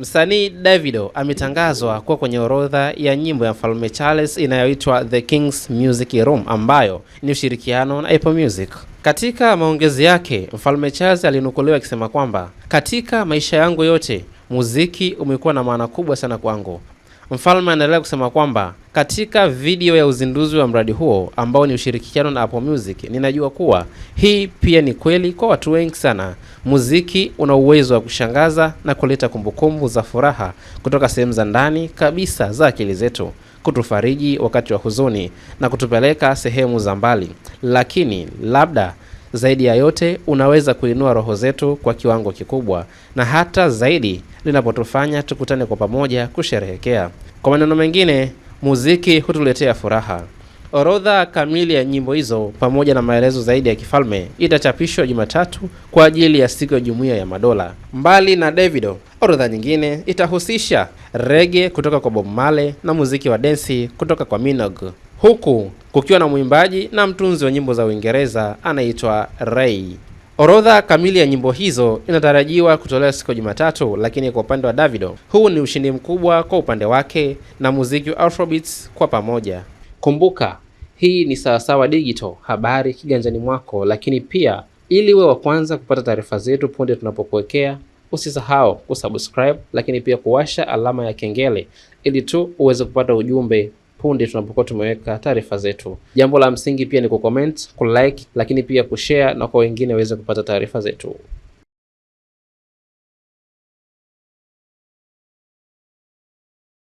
Msanii Davido ametangazwa kuwa kwenye orodha ya nyimbo ya Mfalme Charles inayoitwa The King's Music Room ambayo ni ushirikiano na Apple Music. Katika maongezi yake, Mfalme Charles alinukuliwa akisema kwamba katika maisha yangu yote muziki umekuwa na maana kubwa sana kwangu. Mfalme anaendelea kusema kwamba katika video ya uzinduzi wa mradi huo ambao ni ushirikiano na Apple Music, ninajua kuwa hii pia ni kweli kwa watu wengi sana. Muziki una uwezo wa kushangaza na kuleta kumbukumbu za furaha kutoka sehemu za ndani kabisa za akili zetu, kutufariji wakati wa huzuni na kutupeleka sehemu za mbali, lakini labda zaidi ya yote unaweza kuinua roho zetu kwa kiwango kikubwa, na hata zaidi linapotufanya tukutane kwa pamoja kusherehekea. Kwa maneno mengine, muziki hutuletea furaha. Orodha kamili ya nyimbo hizo pamoja na maelezo zaidi ya kifalme itachapishwa Jumatatu kwa ajili ya siku ya Jumuiya ya Madola. Mbali na Davido, orodha nyingine itahusisha rege kutoka kwa Bob male na muziki wa densi kutoka kwa minog huku kukiwa na mwimbaji na mtunzi wa nyimbo za Uingereza anaitwa Ray Orodha kamili ya nyimbo hizo inatarajiwa kutolewa siku ya Jumatatu, lakini kwa upande wa Davido, huu ni ushindi mkubwa kwa upande wake na muziki wa Afrobeats kwa pamoja. Kumbuka, hii ni Sawasawa Digital, habari kiganjani mwako, lakini pia ili uwe wa kwanza kupata taarifa zetu punde tunapokuwekea, usisahau kusubscribe, lakini pia kuwasha alama ya kengele ili tu uweze kupata ujumbe punde tunapokuwa tumeweka taarifa zetu. Jambo la msingi pia ni kucomment, kulike, lakini pia kushare na kwa wengine waweze kupata taarifa zetu.